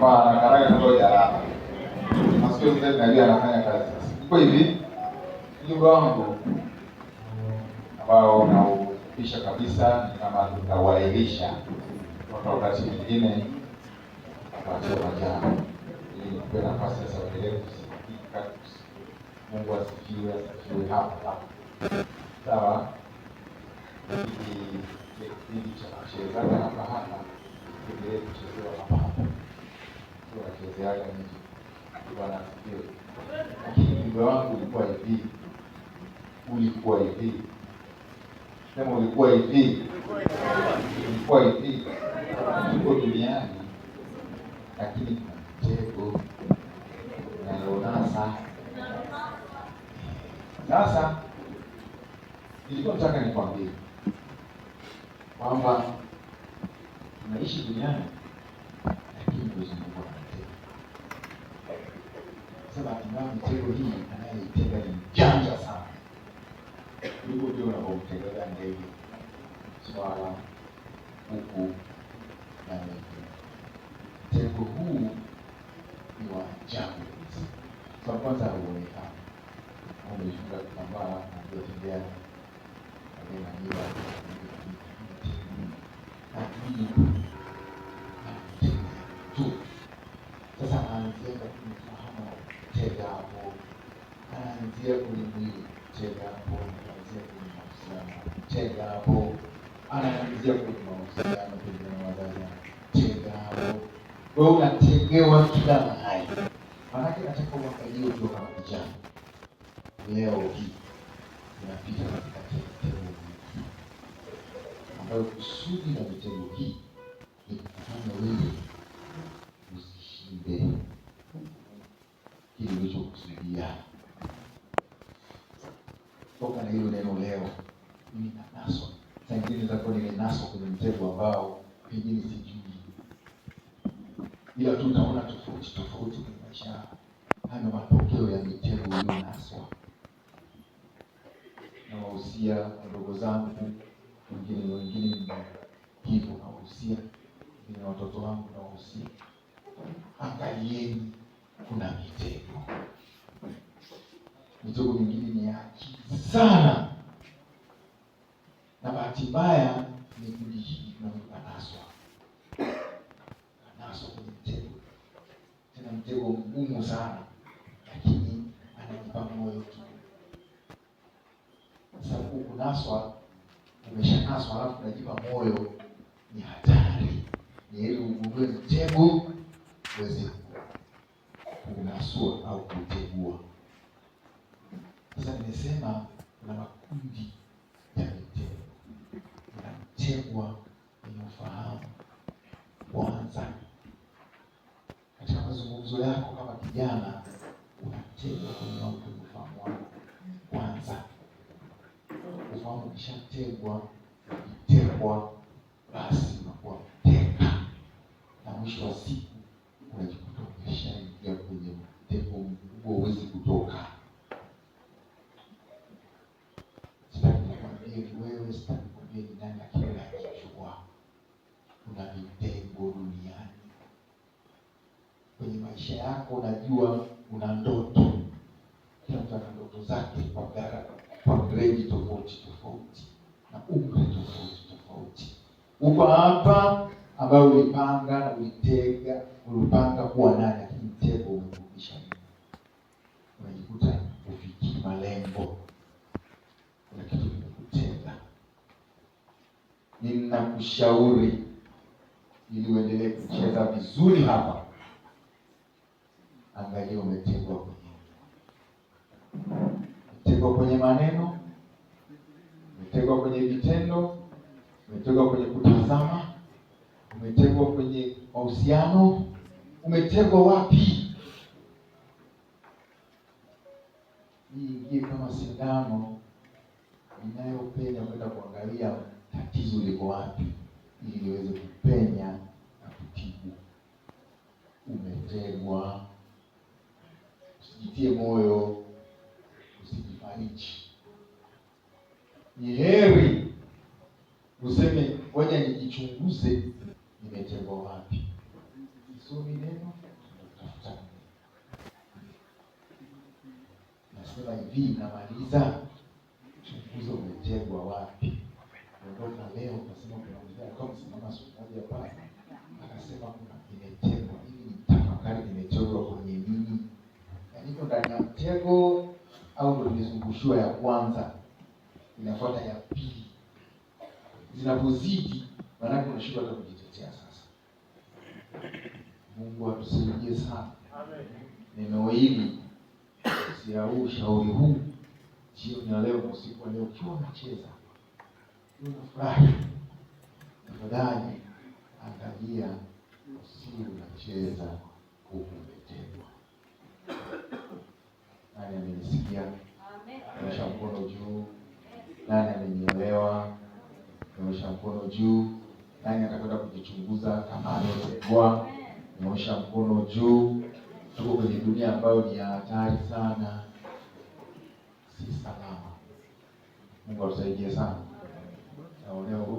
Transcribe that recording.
kwa haraka haraka kutoa jaraka mzee, najua anafanya kazi sasa. Kwa hivi mjumbe wangu ambao naupisha kabisa, kama tutawailisha kwa wakati mwingine kuachia majana ili nipe nafasi sasa endelee kusikika. Mungu asifiwe, asifiwe hapa sawa. Ili kipindi cha kuchezana hapa hapa endelee kuchezewa hapa hapa sio nachezeaga mji bwana asifiwe. Lakini ujumbe wangu ulikuwa hivi, ulikuwa hivi, sema ulikuwa hivi, ulikuwa hivi, tuko duniani lakini kuna mtego nayonasa. Sasa nilikuwa nataka nikwambie kwamba tunaishi duniani Mwenyezi Mungu anapenda. Sasa bahati mbaya mitego hii anayeitega ni mjanja sana. Hivyo ndio unapomtegea ndege, swala, kuku na mengine. Mtego huu ni wa ajabu kwa kwanza, hauonekani. Amejifunga kitambaa akiwatembea aena mila lakini dia punya mwili cega hapo anaanzia kwenye mahusiano cega hapo anaanzia kwenye mahusiano pengine na wazazi cega hapo kwa hiyo unachegewa kila mahali lakini nitakuwa nimenaswa kwenye mtego ambao pengine sijui, ila tu utaona tofauti tofauti kwenye maisha Hayo Hayo matokeo ya mitego iliyonaswa. Nawahusia wadogo zangu, wengine wengine hivyo, nawahusia na watoto wangu, nawahusia angalieni, kuna mitego. Mitego mingine ni ya sana mtego mgumu sana, lakini anajipa moyo tu, sababu kunaswa, umeshanaswa alafu unajipa moyo ni hatari. Ni heri ugundue mtego uweze kunasua au kutegua. Sasa nimesema kuna makundi ya mitego, na mtegwa vijana unategwa kwenye watu ufahamu wako kwanza. Ufahamu ukishategwa, ukitegwa basi unakuwa mteka na mwisho wa siku maisha yako, unajua una ndoto, kila mtu ana ndoto zake kwa gara, kwa grade tofauti tofauti na umri tofauti tofauti. Uko hapa ambayo ulipanga na ulitega, ulipanga kuwa nani, lakini mtego umekurudisha unajikuta ufikii malengo, kuna kitu kimekutenga. Ninakushauri ili uendelee kucheza vizuri hapa lakini umetegwa kwenyewe. kwenye maneno, umetegwa kwenye vitendo, umetegwa kwenye kutazama, umetegwa kwenye mahusiano. Umetegwa wapi? Iingie kama sindano inayopenya kwenda kuangalia tatizo liko wapi, ili iweze kupenya usitie moyo, usijifariji. Ni heri useme ngoja nijichunguze, nimetengwa wapi, nisome neno tafuta. Nasema hivi, namaliza chunguzo, umetengwa wapi? Ondoka leo, kasema kuna mzee alikuwa msimama siku moja pale, akasema kuna mtego au ndo imezungushiwa ya kwanza, inafuata ya pili. Zinapozidi maanake unashindwa hata kujitetea. Sasa Mungu atusaidie sana. Neno hili sia huu shauri huu jioni ya leo usiku wa leo, ukiwa unacheza unafurahi, tafadhali angalia, usiu unacheza huku umetegwa nani amenisikia? Nyosha mkono juu. Nani amenielewa? Nyosha mkono juu. Nani atakwenda kujichunguza kama ameokolewa? Nyosha mkono juu. Tuko kwenye dunia ambayo ni ya hatari sana, si salama. Mungu atusaidie sana. Naonewa